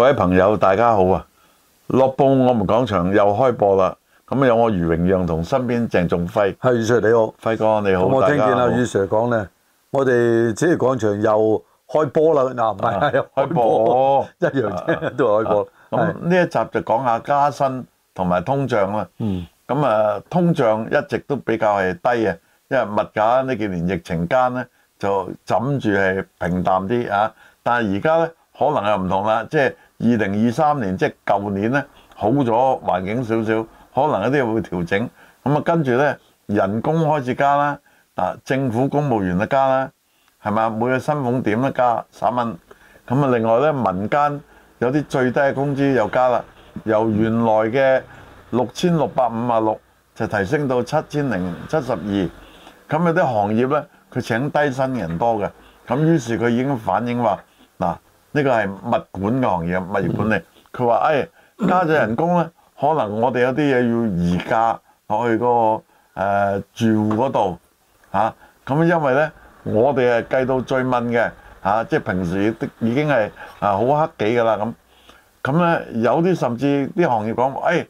各位朋友，大家好啊！樂報我們講場又開播啦。咁有我余榮讓同身邊鄭仲輝。係，余 Sir 你好，輝哥你好。我聽見阿余 Sir 講咧，我哋此地講場又開波啦。嗱、啊，唔係，係開播，一樣啫，都係開播。咁呢、啊啊、是一集就講下加薪同埋通脹啦。嗯。咁啊，通脹一直都比較係低啊，因為物價呢幾年疫情間咧就枕住係平淡啲啊。但係而家咧可能又唔同啦，即係。二零二三年即係舊年呢，好咗環境少少，可能一啲會調整。咁啊，跟住呢，人工開始加啦，嗱，政府公務員都加啦，係嘛，每個薪俸點都加三蚊。咁啊，另外呢，民間有啲最低嘅工資又加啦，由原來嘅六千六百五、啊六就提升到七千零七十二。咁有啲行業呢，佢請低薪人多嘅，咁於是佢已經反映話。呢個係物管嘅行業，物業管理。佢話：，誒、哎、加咗人工呢，可能我哋有啲嘢要移價落去嗰個、呃、住戶嗰度嚇。咁、啊、因為呢，我哋係計到最問嘅嚇、啊，即係平時已經係啊好黑記㗎啦咁。咁呢有啲甚至啲行業講：，誒、哎、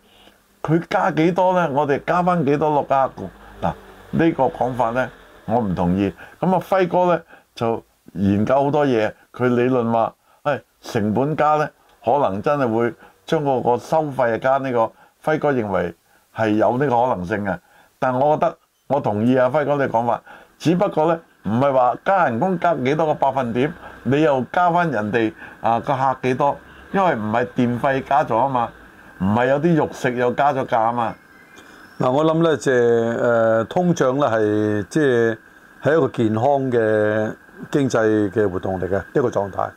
佢加幾多呢？我哋加翻幾多落㗎？嗱、啊，呢、呢個講法呢，我唔同意。咁啊輝哥呢，就研究好多嘢，佢理論話。成本加呢，可能真係會將個個收費加呢、呢個輝哥認為係有呢個可能性嘅。但我覺得我同意阿、啊、輝哥嘅講法，只不過呢，唔係話加人工加幾多個百分點，你又加翻人哋啊個客幾多？因為唔係電費加咗啊嘛，唔係有啲肉食又加咗價啊嘛。嗱，我諗呢，即係通脹呢，係即係喺一個健康嘅經濟嘅活動嚟嘅一個狀態。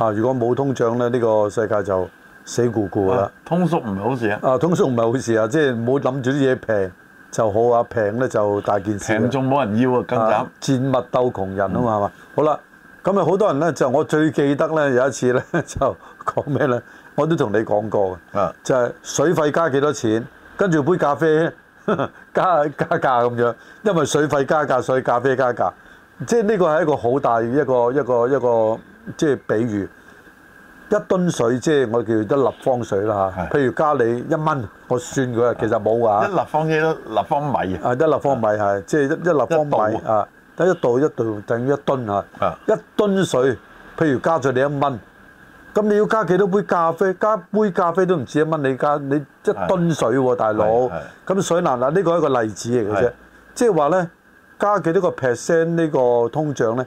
啊！如果冇通脹咧，呢、這個世界就死咕咕㗎啦。通縮唔係好事啊！啊，通縮唔係好事啊！即係唔好諗住啲嘢平就好啊，平咧就大件事、啊。平仲冇人要啊，更慘、啊。賤物鬥窮人啊嘛，係嘛、嗯？好啦，咁啊，好多人咧就我最記得咧有一次咧 就講咩咧，我都同你講過嘅。啊、嗯，就係水費加幾多錢，跟住杯咖啡 加加價咁樣，因為水費加價，所以咖啡加價。即係呢個係一個好大嘅一個一個一個。即係比如一噸水，即係我叫一立方水啦嚇。譬如加你一蚊，我算佢，其實冇㗎。一立方幾多，一立方米啊！啊，一立方米係，即係一立方米啊。得一度一度等於一噸嚇。啊！一噸水，譬如加咗你一蚊，咁你要加幾多杯咖啡？加一杯咖啡都唔止一蚊，你加你一噸水喎，大佬。咁水難嗱，呢個係一個例子嚟嘅啫。即係話咧，加幾多個 percent 呢個通脹咧？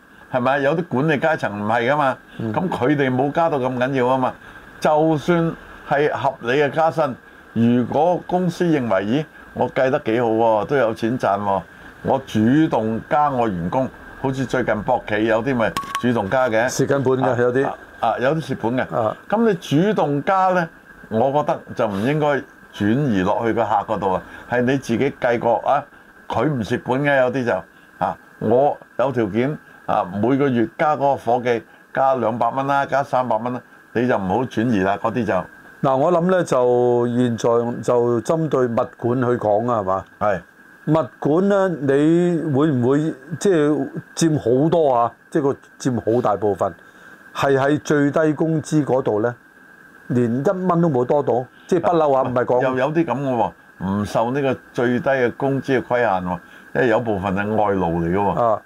係咪？有啲管理階層唔係噶嘛，咁佢哋冇加到咁緊要啊嘛。就算係合理嘅加薪，如果公司認為，咦，我計得幾好喎，啊，都有錢賺喎，啊，我主動加我員工，好似最近博企有啲咪主動加嘅蝕緊本㗎，有啲啊有啲蝕本嘅。咁你主動加呢，我覺得就唔應該轉移落去個客嗰度啊。係你自己計過啊，佢唔蝕本嘅有啲就啊，我有條件。啊！每個月加嗰個伙計加兩百蚊啦，加三百蚊啦，你就唔好轉移啦，嗰啲就嗱，我諗咧就現在就針對物管去講啊，係嘛？係物管咧，你會唔會即係佔好多啊？即係個佔好大部分，係喺最低工資嗰度咧，連一蚊都冇多到，即係不嬲啊？唔係講又有啲咁嘅喎，唔受呢個最低嘅工資嘅規限喎，因為有部分係外勞嚟嘅喎。嗯啊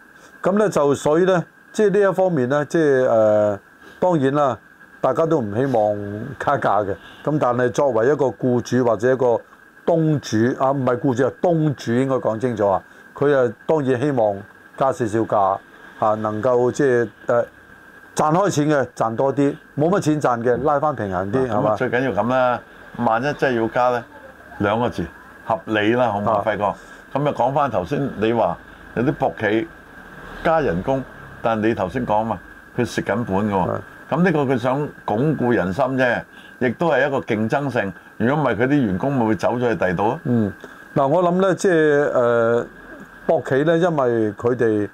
咁咧就所以咧，即係呢一方面咧，即係誒、呃、當然啦，大家都唔希望加價嘅。咁但係作為一個僱主或者一個東主啊，唔係僱主啊，東主應該講清楚啊。佢啊當然希望加少少價嚇、啊，能夠即係誒、呃、賺開錢嘅，賺多啲，冇乜錢賺嘅，拉翻平衡啲係嘛？啊、吧最緊要咁啦。萬一真係要加咧，兩個字合理啦，好唔好？輝哥，咁啊講翻頭先你話有啲僕企。加人工，但係你頭先講嘛，佢食緊本㗎喎。咁呢的個佢想鞏固人心啫，亦都係一個競爭性。如果唔係，佢啲員工咪會走咗去第二度啊？嗯，嗱，我諗咧，即係誒、呃，博企咧，因為佢哋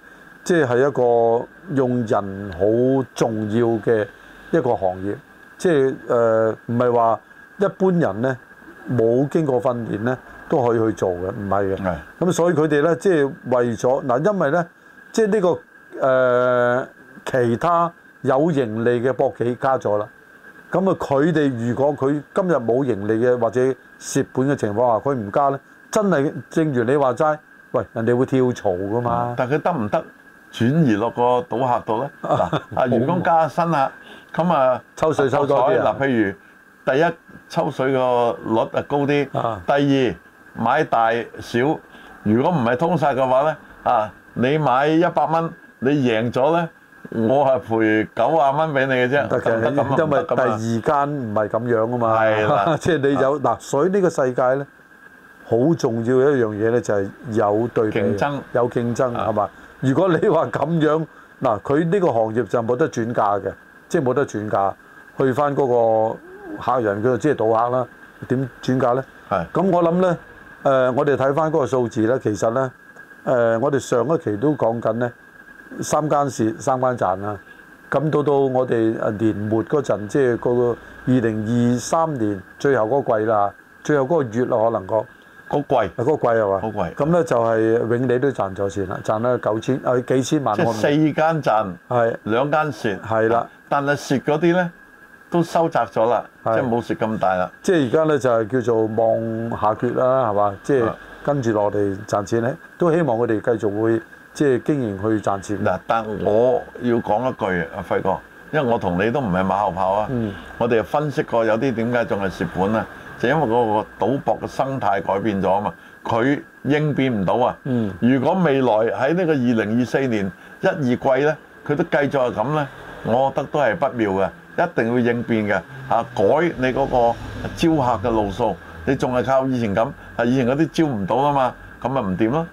即係係一個用人好重要嘅一個行業，即係誒，唔係話一般人咧冇經過訓練咧都可以去做嘅，唔係嘅。咁的的、嗯、所以佢哋咧，即係為咗嗱，因為咧。即係呢、呢個誒、呃、其他有盈利嘅博企加咗啦，咁啊佢哋如果佢今日冇盈利嘅或者蝕本嘅情況下，佢唔加呢？真係正如你話齋，喂，人哋會跳槽噶嘛？嗯、但係佢得唔得轉移落個賭客度呢？啊員工加薪啊，咁啊 抽水抽多啲。嗱、啊，譬如第一抽水個率啊高啲，第二買大小；如果唔係通殺嘅話呢。啊。你買一百蚊，你贏咗咧，我係賠九啊蚊俾你嘅啫。因為第二間唔係咁樣啊嘛，即係的 你有嗱，的所以呢個世界咧，好重要一樣嘢咧，就係有對競爭，有競爭係嘛的？如果你話咁樣嗱，佢呢個行業就冇得轉嫁嘅，即係冇得轉嫁。去翻嗰個客人，佢就只、是、係賭客啦。點轉嫁咧？係的。咁我諗咧，誒、呃，我哋睇翻嗰個數字咧，其實咧。誒、呃，我哋上一期都講緊咧，三間蝕三間賺啊！咁、嗯、到到我哋啊年末嗰陣，即係嗰個二零二三年最後嗰季啦，最後嗰個月啦，可能講個，個季啊，嗰個季係嘛？好貴。咁咧就係永利都賺咗錢啦，賺咗九千誒幾千萬。即係四間賺，係的兩間蝕，係啦的。的但係蝕嗰啲咧都收窄咗啦，即係冇蝕咁大啦。即係而家咧就係叫做望下決啦，係嘛？即係。跟住落地賺錢咧，都希望佢哋繼續會即係經營去賺錢。嗱，但我要講一句，阿輝哥，因為我同你都唔係馬後炮啊。嗯。我哋分析過，有啲點解仲係蝕本啊？就因為嗰個賭博嘅生態改變咗啊嘛。佢應變唔到啊。嗯。如果未來喺呢個二零二四年一二季咧，佢都繼續係咁咧，我覺得都係不妙嘅，一定要應變嘅啊，改你嗰個招客嘅路數。你仲係靠以前咁，係以前嗰啲招唔到啊嘛，咁咪唔掂咯？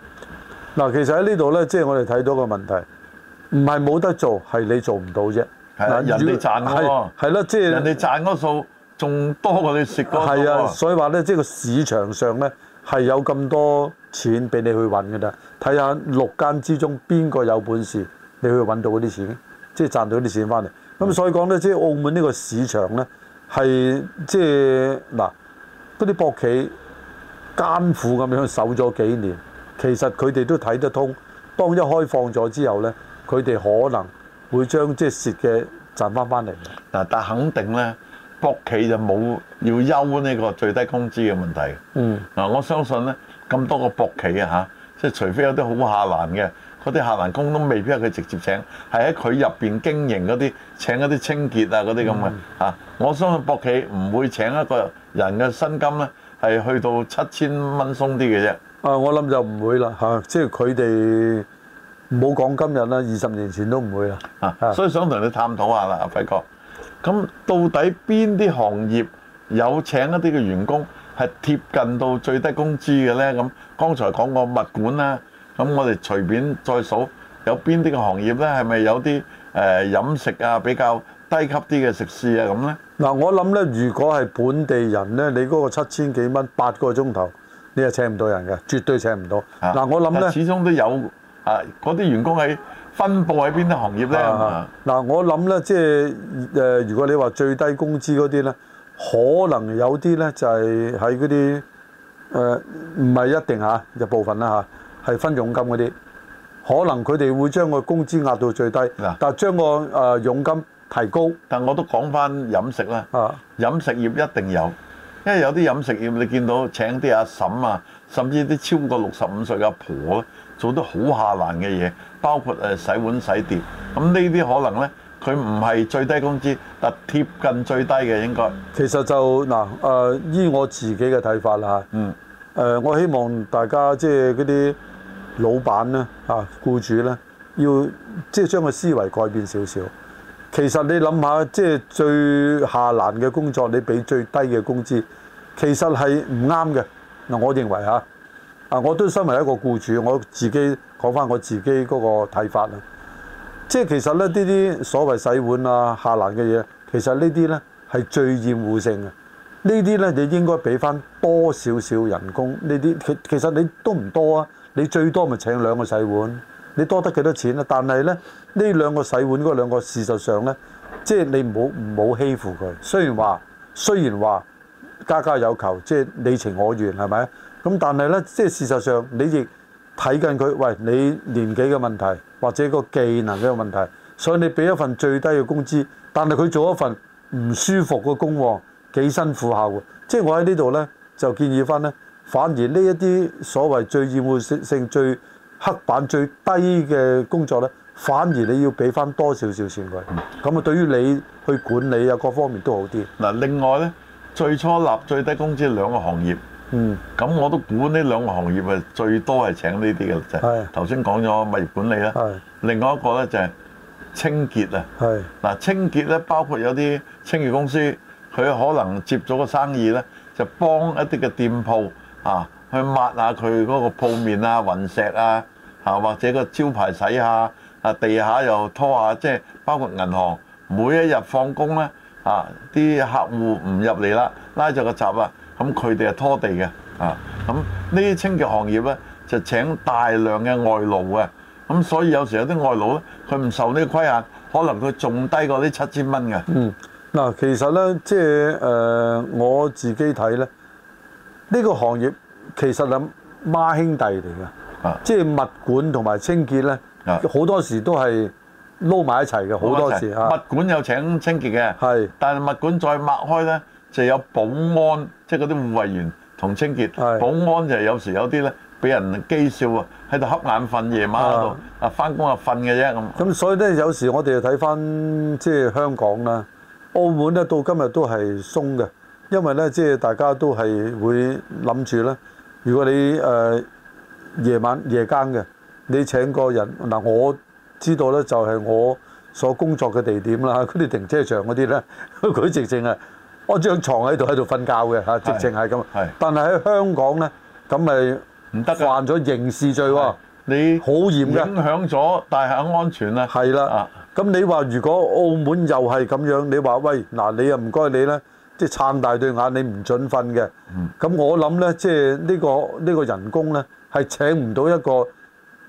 嗱，其實喺呢度咧，即係我哋睇到個問題，唔係冇得做，係你做唔到啫。係啊，那人哋賺喎，係咯，即係人哋賺嗰數仲多過你食嗰數。係啊，所以話咧，即係個市場上咧係有咁多錢俾你去揾㗎啦。睇下六間之中邊個有本事，你去揾到嗰啲錢，即係賺到嗰啲錢翻嚟。咁所以講咧，即係澳門呢個市場咧係即係嗱。嗰啲博企艱苦咁樣守咗幾年，其實佢哋都睇得通。當一開放咗之後咧，佢哋可能會將即係蝕嘅賺翻翻嚟。嗱，但肯定咧，博企就冇要憂呢個最低工資嘅問題。嗯。嗱，我相信咧，咁多個博企啊嚇，即係除非有啲好下欄嘅。嗰啲客人工都未必係佢直接請，係喺佢入邊經營嗰啲請一啲清潔啊嗰啲咁嘅嚇。嗯，我相信博企唔會請一個人嘅薪金咧，係去到七千蚊鬆啲嘅啫。啊，我諗就唔會啦嚇，即係佢哋冇講今日啦，二十年前都唔會啦。啊，所以想同你探討下啦，阿輝哥。咁到底邊啲行業有請一啲嘅員工係貼近到最低工資嘅咧？咁剛才講過物管啦。咁我哋隨便再數有邊啲嘅行業呢？係咪有啲誒，飲食啊，比較低級啲嘅食肆啊，咁呢，嗱、啊，我諗呢，如果係本地人呢，你嗰個七千幾蚊八個鐘頭，你係請唔到人嘅，絕對請唔到。嗱、啊啊，我諗呢，始終都有啊，嗰啲員工喺分佈喺邊啲行業呢？嗱、啊啊啊，我諗呢，即係、呃、如果你話最低工資嗰啲呢，可能有啲呢，就係喺嗰啲誒，唔、呃、係一定嚇，一部分啦嚇。啊啊係分佣金嗰啲，可能佢哋會將個工資壓到最低，啊、但係將個誒佣金提高。但我都講返飲食啦，啊、飲食業一定有，因為有啲飲食業你見到請啲阿嬸啊，甚至啲超過六十五歲嘅阿婆做得好下欄嘅嘢，包括誒洗碗洗碟。咁呢啲可能呢，佢唔係最低工資，但係貼近最低嘅應該。其實就嗱誒、啊，依我自己嘅睇法啦嚇，誒、嗯啊、我希望大家即係嗰啲。老闆咧啊，僱主咧要即係將個思維改變少少。其實你諗下，即係最下欄嘅工作，你俾最低嘅工資，其實係唔啱嘅。嗱，我認為嚇，啊我都身為一個僱主，我自己講翻我自己嗰個睇法啦。即係其實咧，呢啲所謂洗碗啊、下欄嘅嘢，其實呢啲咧係最厭惡性嘅。呢啲咧，你應該俾翻多少少人工？呢啲其其實你多唔多啊？你最多咪請兩個洗碗，你多得幾多錢啊？但係咧，呢兩個洗碗嗰兩個事實上呢，即係你唔好唔好欺負佢。雖然話雖然話家家有求，即係你情我願係咪？咁但係呢，即係事實上你亦睇緊佢，喂，你年紀嘅問題或者個技能嘅問題，所以你俾一份最低嘅工資，但係佢做一份唔舒服嘅工喎，幾辛苦下喎。即係我喺呢度呢，就建議翻呢。反而呢一啲所謂最厭惡性、最黑板、最低嘅工作呢，反而你要俾翻多少少錢佢，咁啊、嗯、對於你去管理啊各方面都好啲。嗱，另外呢，最初立最低工資兩個行業，嗯，咁我都估呢兩個行業啊最多係請呢啲嘅就係頭先講咗物業管理啦，是另外一個是呢，就係清潔啊。嗱，清潔呢包括有啲清潔公司，佢可能接咗個生意呢，就幫一啲嘅店鋪。啊！去抹下佢嗰個鋪面啊、雲石啊，嚇、啊、或者個招牌洗下，啊地下又拖下，即、就、係、是、包括銀行每一日放工咧，啊、啲、啊、客戶唔入嚟啦，拉咗個閘啦，咁佢哋係拖地嘅，啊咁呢啲清潔行業咧就請大量嘅外勞嘅，咁、啊、所以有時有啲外勞咧，佢唔受呢個規限，可能佢仲低過呢七千蚊嘅。嗯，嗱，其實咧即係誒、呃，我自己睇咧。呢個行業其實係孖兄弟嚟嘅，即係物管同埋清潔咧，好多時都係撈埋一齊嘅。好多時，物管有請清潔嘅，但係物管再擘開咧，就有保安，即係嗰啲護衛員同清潔。保安就有時有啲咧，俾人譏笑啊，喺度瞌眼瞓，夜晚喺度啊，返工啊瞓嘅啫咁。咁所以咧，有時我哋就睇返即係香港啦，澳門咧到今日都係鬆嘅。因為咧，即係大家都係會諗住咧。如果你誒夜晚、夜間嘅，你請個人嗱，我知道咧，就係我所工作嘅地點啦，佢哋停車場嗰啲咧，佢直情係安張牀喺度喺度瞓覺嘅嚇，直情係咁。係。但係喺香港咧，咁咪唔得嘅，犯咗刑事罪喎。你好嚴嘅，影響咗大廈安全啊。係啦，咁你話如果澳門又係咁樣，你話喂嗱，你又唔該你咧。即係撐大對眼，你唔準瞓嘅。咁、嗯、我諗呢，即係呢個呢、呢個人工呢，係請唔到一個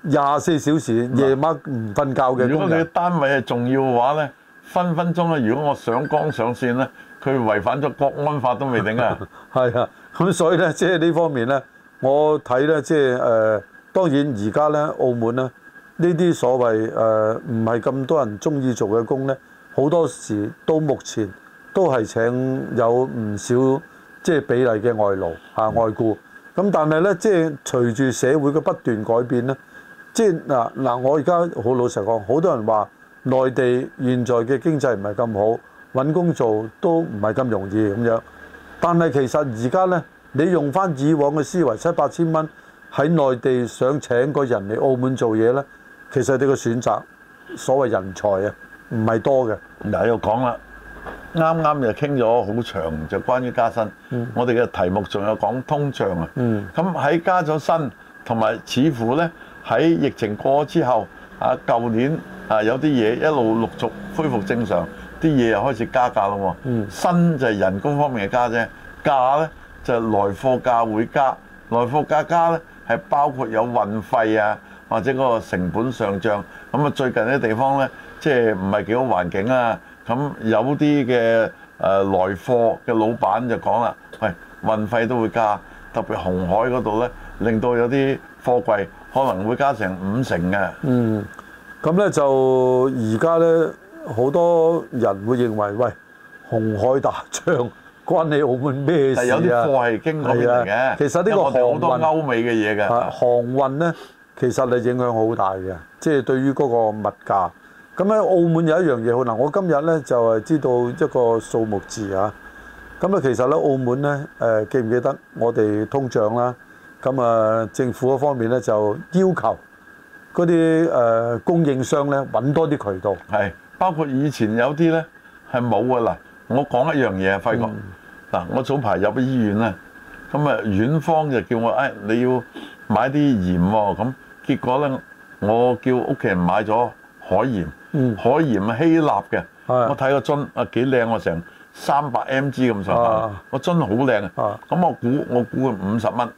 廿四小時夜晚唔瞓覺嘅。如果佢單位係重要嘅話呢，分分鐘咧，如果我上崗上線呢，佢違反咗國安法都未定 啊。係啊，咁所以呢，即係呢方面呢，我睇呢，即係誒，當然而家呢，澳門呢，呢啲所謂誒唔係咁多人中意做嘅工呢，好多時到目前。都係請有唔少即係、就是、比例嘅外勞吓、啊、外僱，咁但係呢，即、就、係、是、隨住社會嘅不斷改變呢，即係嗱嗱，我而家好老實講，好多人話內地現在嘅經濟唔係咁好，揾工做都唔係咁容易咁樣。但係其實而家呢，你用翻以往嘅思維，七八千蚊喺內地想請個人嚟澳門做嘢呢，其實你嘅選擇所謂人才啊，唔係多嘅。嗱，又講啦。啱啱就傾咗好長，就關於加薪。嗯、我哋嘅題目仲有講通脹啊。咁喺、嗯、加咗薪，同埋似乎呢，喺疫情過咗之後，啊舊年啊有啲嘢一路陸續恢復正常，啲嘢又開始加價啦喎。薪、嗯、就係人工方面嘅加啫，價呢就係、是、來貨價會加，來貨價加呢，係包括有運費啊，或者嗰個成本上漲。咁啊，最近啲地方呢。即係唔係幾好環境啊？咁有啲嘅誒來貨嘅老闆就講啦：喂、哎，運費都會加，特別紅海嗰度呢，令到有啲貨櫃可能會加成五成嘅、啊。嗯，咁呢就而家呢，好多人會認為：喂，紅海打仗關你澳門咩事、啊、有啲貨係經嗰邊嚟嘅。其實呢個航運好多歐美嘅嘢㗎。航運呢，其實係影響好大嘅，即、就、係、是、對於嗰個物價。咁喺澳門有一樣嘢好嗱，我今日咧就係知道一個數目字啊。咁啊，其實咧澳門咧，誒記唔記得我哋通脹啦？咁啊，政府嗰方面咧就要求嗰啲誒供應商咧揾多啲渠道。係，包括以前有啲咧係冇嘅嗱。我講一樣嘢啊，輝哥嗱，我早排入咗醫院啦，咁啊院方就叫我誒你要買啲鹽喎，咁結果咧我叫屋企人買咗海鹽。嗯，海鹽啊，希臘嘅，我睇個樽啊幾靚喎，成三百 mg 咁上下，個樽好靚啊，咁我估我估五十蚊，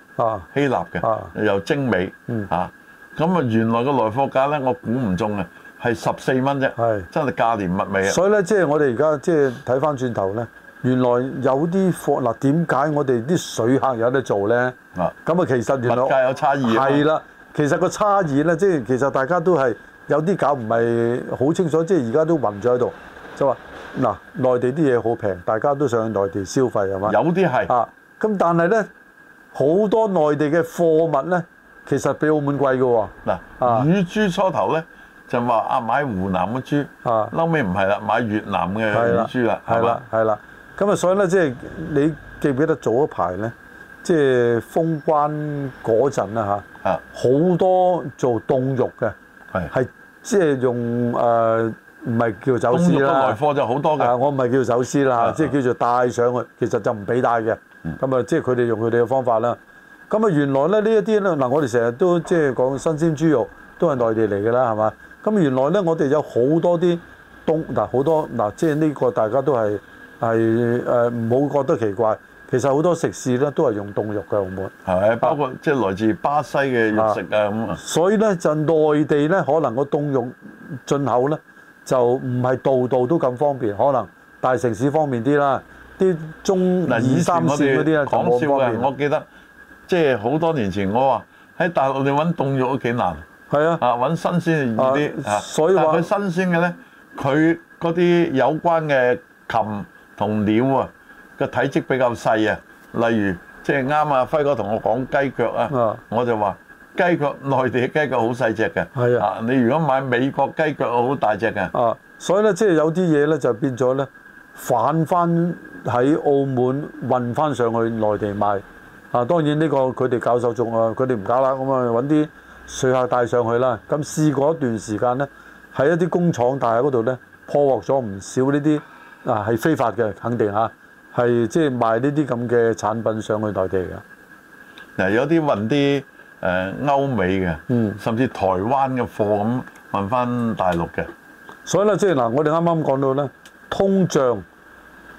希臘嘅又精美嚇，咁啊原來個來貨價咧我估唔中啊，係十四蚊啫，真係價廉物美啊！所以咧，即係我哋而家即係睇翻轉頭咧，原來有啲貨嗱點解我哋啲水客有得做咧？啊，咁啊其實原來，啊，價有差異，係啦，其實個差異咧，即係其實大家都係。有啲搞唔係好清楚，即係而家都混咗喺度，就係話嗱，內地啲嘢好平，大家都想去內地消費係嘛？有啲係啊，咁但係咧，好多內地嘅貨物咧，其實比澳門貴嘅喎。嗱，啊，乳豬初頭咧就話啊買湖南嘅豬，啊，後尾唔係啦，買越南嘅乳豬啦，係嘛？係啦，咁啊，所以咧即係你記唔記得早一排咧，即係封關嗰陣啦嚇，啊好多做凍肉嘅。係，即係用誒，唔、呃、係叫走私啦。東部內貨就好多嘅、呃。我唔係叫走私啦，即係叫做帶上去，其實就唔俾帶嘅。咁啊、嗯，即係佢哋用佢哋嘅方法啦。咁啊，原來咧呢一啲咧，嗱、呃，我哋成日都即係講新鮮豬肉都係內地嚟㗎啦，係嘛？咁原來咧，我哋有好多啲東嗱，好、呃、多嗱、呃，即係呢個大家都係係誒，唔好、呃、覺得奇怪。其實好多食肆咧都係用凍肉嘅，好冇？係包括即係來自巴西嘅肉食啊咁啊。啊所以咧就內地咧，可能個凍肉進口咧就唔係度度都咁方便，可能大城市方便啲啦，啲中二三線嗰啲咧就冇嘅。我記得即係好多年前我，我話喺大陸你揾凍肉都幾難。係啊。啊揾新鮮啲、啊。所以話。但係佢新鮮嘅咧，佢嗰啲有關嘅禽同鳥啊。個體積比較細啊，例如即係啱啊，輝哥同我講雞腳啊，啊我就話雞腳內地嘅雞腳好細隻嘅，係啊，啊。你如果買美國雞腳，好大隻嘅啊，所以咧即係有啲嘢咧就變咗咧，反翻喺澳門運翻上去內地賣啊。當然呢個佢哋搞手續啊，佢哋唔搞啦，咁啊揾啲水客帶上去啦。咁試過一段時間咧，喺一啲工廠大係嗰度咧破獲咗唔少呢啲啊，係非法嘅，肯定嚇。啊係即係賣呢啲咁嘅產品上去內地嘅，嗱有啲運啲誒歐美嘅，嗯、甚至台灣嘅貨咁運翻大陸嘅。所以咧、就是，即係嗱，我哋啱啱講到咧，通脹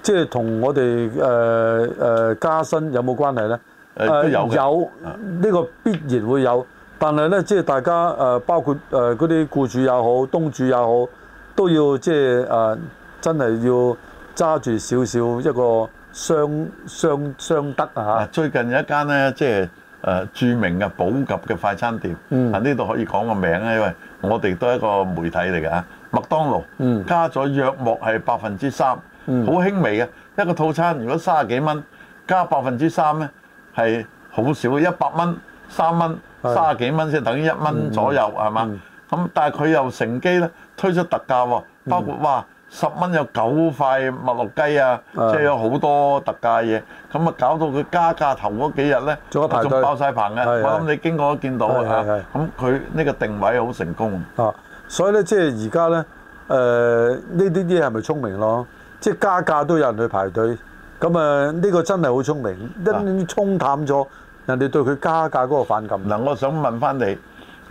即係同我哋誒誒加薪有冇關係咧？誒有、呃、有，呢、這個必然會有，但係咧，即、就、係、是、大家誒、呃、包括誒嗰啲僱主也好、東主也好，都要即係誒真係要。揸住少少一個雙雙雙得啊！最近有一間咧，即係誒著名嘅保級嘅快餐店，啊呢度可以講個名咧，因為我哋都係一個媒體嚟㗎。麥當勞加咗約莫係百分之三，好輕微嘅一個套餐。如果卅幾蚊加百分之三咧，係好少嘅一百蚊三蚊，卅幾蚊先等於一蚊左右係嘛？咁但係佢又乘機咧推出特價喎，包括話～十蚊有九塊麥樂雞啊！啊即係有好多特價嘢，咁啊搞到佢加價頭嗰幾日呢，佢仲爆曬棚嘅、啊。我諗你經過都見到是是是是啊！咁佢呢個定位好成功啊！啊所以呢，即係而家呢，誒呢啲嘢係咪聰明咯？即係加價都有人去排隊，咁啊呢個真係好聰明，一沖、啊、淡咗人哋對佢加價嗰個反感。嗱、嗯，我想問翻你，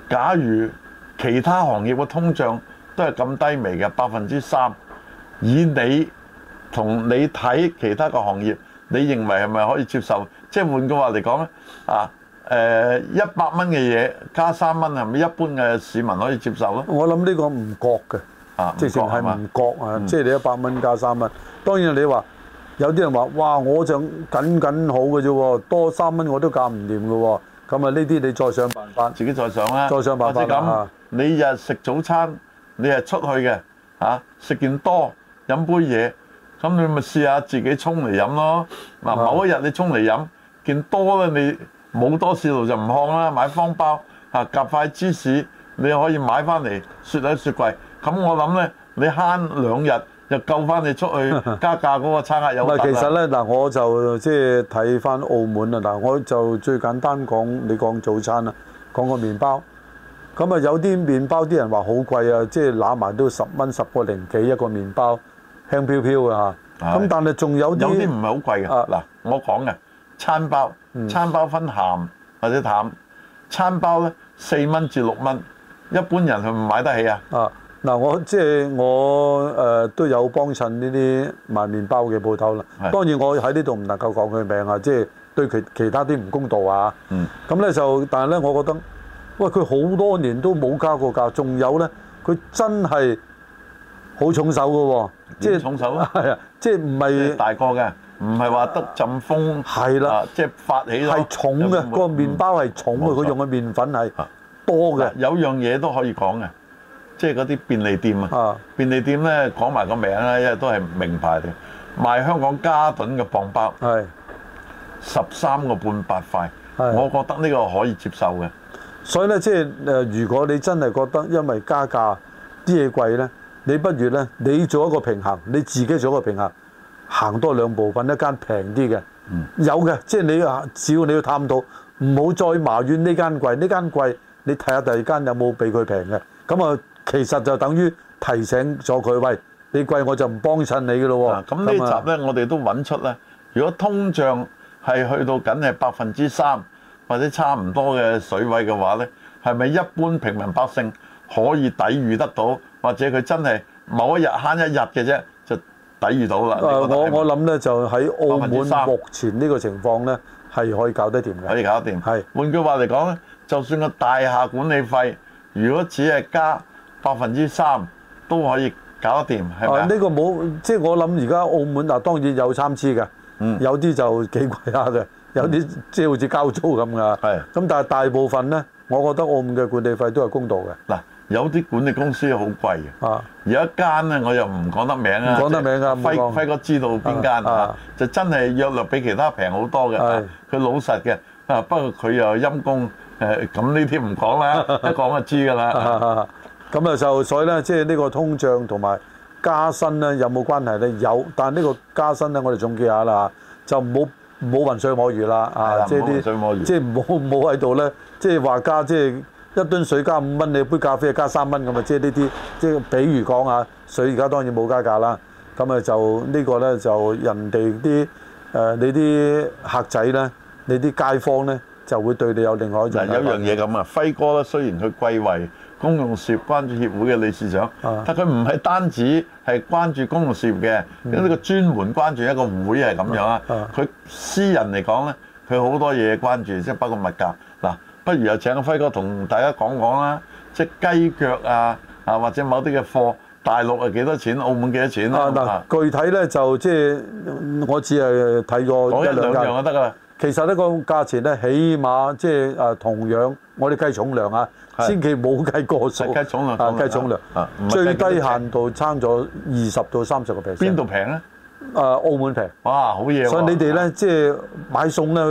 假如其他行業嘅通脹都係咁低微嘅百分之三？以你同你睇其他個行業，你認為係咪可以接受？即係換句話嚟講咧，啊，誒、呃，一百蚊嘅嘢加三蚊，係咪一般嘅市民可以接受咧？我諗呢個唔覺嘅，啊，即係係唔覺啊，即係、嗯、你一百蚊加三蚊。當然你話有啲人話，哇，我想緊緊好嘅啫，多三蚊我都搞唔掂嘅，咁啊呢啲你再想辦法，自己再想啦、啊，再想辦法啦。或者、嗯、你又食早餐，你又出去嘅，吓食件多。飲杯嘢，咁你咪試下自己沖嚟飲咯。嗱，某一日你沖嚟飲，見多啦，你冇多士爐就唔看啦。買方包嚇，夾塊芝士，你可以買翻嚟雪喺雪櫃。咁我諗咧，你慳兩日又夠返你出去加價嗰個餐客有。唔 其實咧嗱，我就即係睇翻澳門啦。嗱，我就最簡單講，你講早餐啦，講個麵包。咁啊，有啲麵包啲人話好貴啊，即係攬埋都十蚊十個零幾一個麵包。香飄飄嘅咁的但係仲有啲，有啲唔係好貴嘅。嗱、啊，我講嘅餐包，嗯、餐包分鹹或者淡，餐包咧四蚊至六蚊，一般人係唔買得起啊。嗱、啊，我即係、就是、我誒、呃、都有幫襯呢啲賣麵包嘅鋪頭啦。的當然我喺呢度唔能夠講佢名啊，即、就、係、是、對其他其他啲唔公道啊。咁咧、嗯啊、就，但係咧，我覺得喂佢好多年都冇加過價，仲有咧，佢真係。好重手噶喎，即係重手，係啊，即係唔係大個嘅，唔係話得陣風，係啦，即係發起咯，係重嘅，個麵包係重啊，佢用嘅麵粉係多嘅。有樣嘢都可以講嘅，即係嗰啲便利店啊，便利店咧，講埋個名啦，因為都係名牌嚟嘅，賣香港嘉頓嘅磅包，係十三個半八塊，我覺得呢個可以接受嘅。所以咧，即係誒，如果你真係覺得因為加價啲嘢貴咧，你不如咧，你做一個平衡，你自己做一個平衡，行多兩步，揾一間平啲嘅，有嘅，即係你啊，只要你要探到，唔好再埋怨呢間貴，呢間貴，你睇下第二間有冇比佢平嘅，咁啊，其實就等於提醒咗佢喂，你貴我就唔幫襯你嘅咯喎。咁呢、嗯、集呢，樣我哋都揾出呢。如果通脹係去到僅係百分之三或者差唔多嘅水位嘅話呢，係咪一般平民百姓可以抵禦得到？或者佢真係某一日慳一日嘅啫，就抵遇到啦。我我諗咧就喺澳門目前呢個情況咧，係可以搞得掂嘅。可以搞得掂。係換句話嚟講咧，就算個大廈管理費，如果只係加百分之三，都可以搞得掂，係呢、啊呢個冇，即、就、係、係、我諗而家澳門嗱、啊，當然有參差嘅。嗯。有啲就幾貴下嘅，有啲即係好似交租咁㗎。係。咁但係大部分咧，我覺得澳門嘅管理費都係公道嘅、嗯嗯。嗱、嗯。有啲管理公司好貴嘅，有一間咧，我又唔講得名啊，講得名啊，輝輝哥知道邊間啊？就真係約略比其他平好多嘅，佢老實嘅。啊，不過佢又陰功，誒咁呢啲唔講啦，一講就知㗎啦。咁啊，就所以咧，即係呢個通脹同埋加薪咧有冇關係咧？有，但係呢個加薪咧，我哋總結下啦就冇冇雲水摸魚啦啊！即係啲即係冇冇喺度咧，即係話加即係。一噸水加五蚊，你杯咖啡加三蚊咁啊！即係呢啲，即係比如講啊，水而家當然冇加價啦。咁啊就個呢個咧就人哋啲誒你啲客仔咧，你啲街坊咧就會對你有另外一，種一樣。有樣嘢咁啊，輝哥咧雖然佢貴為公用事業關注協會嘅理事長，啊、但佢唔係單止係關注公用事業嘅，有呢個專門關注一個會係咁樣啊。佢、啊、私人嚟講咧，佢好多嘢關注，即係包括物價。不如又請阿輝哥同大家講講啦，即係雞腳啊，啊或者某啲嘅貨，大陸係幾多錢，澳門幾多錢啊？嗱，具體咧就即係我只係睇過一兩樣。樣就得啦。其實呢個價錢咧，起碼即係啊同樣，我哋計重量啊，千祈冇計個數。計重量，啊是計重量，重量重量啊低最低限度差咗二十到三十個 percent。e 邊度平咧？呢啊，澳門平。哇，好嘢！所以你哋咧即係買餸咧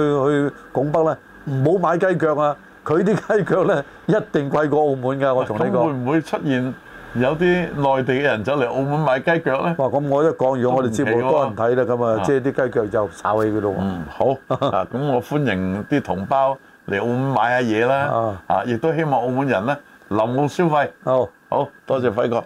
去去拱北咧。唔好買雞腳啊！佢啲雞腳咧一定貴過澳門㗎，我同你講。咁、啊、會唔會出現有啲內地嘅人走嚟澳門買雞腳咧？哇！咁我一講，完，我哋節目多人睇啦，咁啊，即係啲雞腳就炒起佢咯。嗯，好。 啊，咁我歡迎啲同胞嚟澳門買下嘢啦。啊，亦、啊、都希望澳門人咧，臨澳消費。好，好多謝輝哥。